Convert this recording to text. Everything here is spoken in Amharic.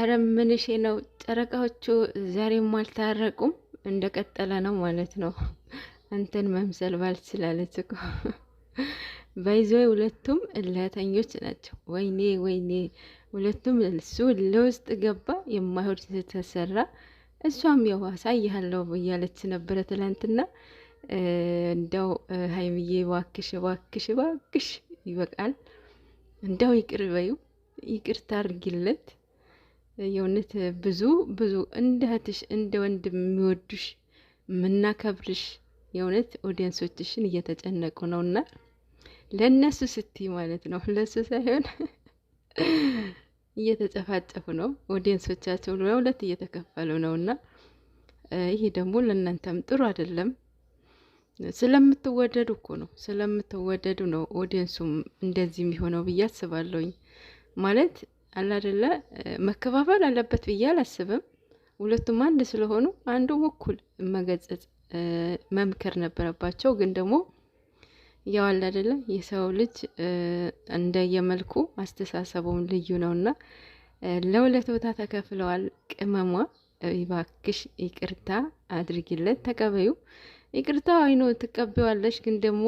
ኧረ ምንሽ ነው ጨረቃዎቹ ዛሬም አልታረቁም፣ እንደቀጠለ ነው ማለት ነው። አንተን መምሰል ባልችላለች እኮ ባይዞ ሁለቱም እለተኞች ናቸው። ወይኔ ወይኔ፣ ሁለቱም እሱ ለውስጥ ገባ፣ የማይሆድ ተሰራ። እሷም ያው አሳይሃለሁ እያለች ነበረ ትላንትና። እንደው ሀይምዬ ዋክሽ ዋክሽ ዋክሽ ይበቃል፣ እንደው ይቅር በዩ ይቅርታ አድርጊለት የእውነት ብዙ ብዙ እንደ እህትሽ እንደ ወንድም የሚወዱሽ የምናከብርሽ የእውነት ኦዲየንሶችሽን እየተጨነቁ ነው እና ለእነሱ ስትይ ማለት ነው ለእሱ ሳይሆን እየተጨፋጨፉ ነው። ኦዲየንሶቻቸው ለሁለት እየተከፈሉ ነው እና ይሄ ደግሞ ለእናንተም ጥሩ አይደለም። ስለምትወደዱ እኮ ነው ስለምትወደዱ ነው ኦዲየንሱም እንደዚህ የሚሆነው ብዬ አስባለሁኝ ማለት አላደለ መከፋፈል አለበት ብዬ አላስብም። ሁለቱም አንድ ስለሆኑ አንዱ እኩል መገጸጽ መምከር ነበረባቸው። ግን ደግሞ ያው አላደለ የሰው ልጅ እንደየመልኩ አስተሳሰቡም ልዩ ነውና ለሁለት ቦታ ተከፍለዋል። ቅመሟ እባክሽ ይቅርታ አድርጊለት፣ ተቀበዩ። ይቅርታ አይኖ ትቀበዋለሽ፣ ግን ደግሞ